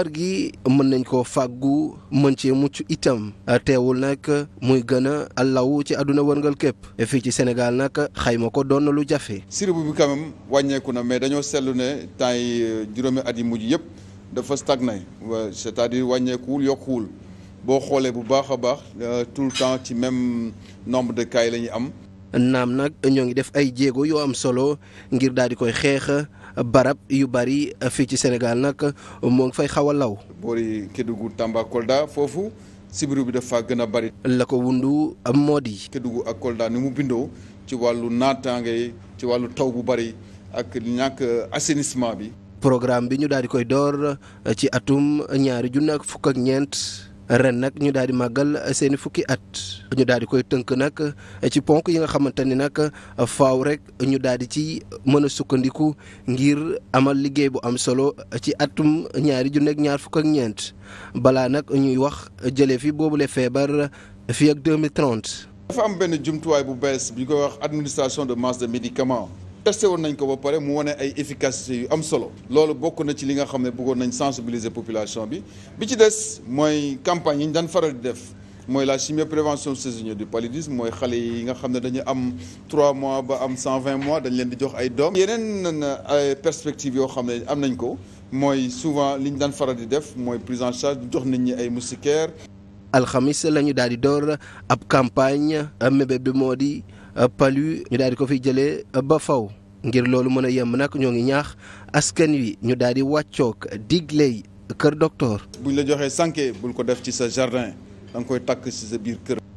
feebar gi mën nañ koo fàggu mën cee mucc itam teewul nag muy gën a law ci àdduna wërngal képp fii ci Sénégal nag xayma ko doon na lu jafe. siribu bi quand wàññeeku na mais dañoo seetlu ne temps yi euh, juróomi at yi mujj yëpp dafa stagné c'est-à-dire wàññeekuwul yokkuwul boo xoolee bu baax a baax euh, tout le temps ci même nombre de cas yi la am. naam nag ñoo ngi def ay jéego yoo am solo ngir daal di koy xeex barab yu bari fii ci Sénégal nag moo ngi fay xaw a law. boori Kédougou Tamba Kolda foofu sibiru bi dafa gën a bari. la ko wundu moo di. Kédougou ak Kolda ni mu bindoo ci wàllu naataange ci wàllu taw bu bari ak ñàkk assainissement bi. programme bi ñu daal di koy door ci atum ñaari junne ak fukk ak ñeent. ren nag ñu daal di màggal seeni fukki at ñu daal di koy tënk nag ci ponk yi nga xamante ni nag faaw rek ñu daal di ci mën a sukkandiku ngir amal liggéey bu am solo ci atum ñaari junni ak ñaar fukk ak ñeent balaa nag ñuy wax jëlee fi boobule feebar fii ak 2030. dafa am benn jumtuwaay bu bees bi koy wax administration de masse de médicaments. testé woon nañ ko ba pare mu wane ay efficacité yu am solo loolu bokk na ci li nga xam ne bëggoon nañ sensibiliser population bi bi ci des mooy campagne yi ñu daan faral di def mooy la chimioprévention saisonnière du paludisme mooy xale yi nga xam ne dañu am 3 mois ba am 120 mois dañ leen di jox ay doom yeneen ay perspectives yoo xam ne am nañ ko mooy souvent li ñu daan faral di def mooy prise en charge jox nit ñi ay moustiquaires alxamis la ñu daal di door ab campagne mébét bi moo di palu ñu daal di ko fi jëlee ba faw ngir loolu mën a yemb nag ñoo ngi ñaax askan wi ñu daal di wàccoog digley kër docteur. buñ la joxee sànke bul ko def ci sa jardin da nga koy takk ci sa biir kër.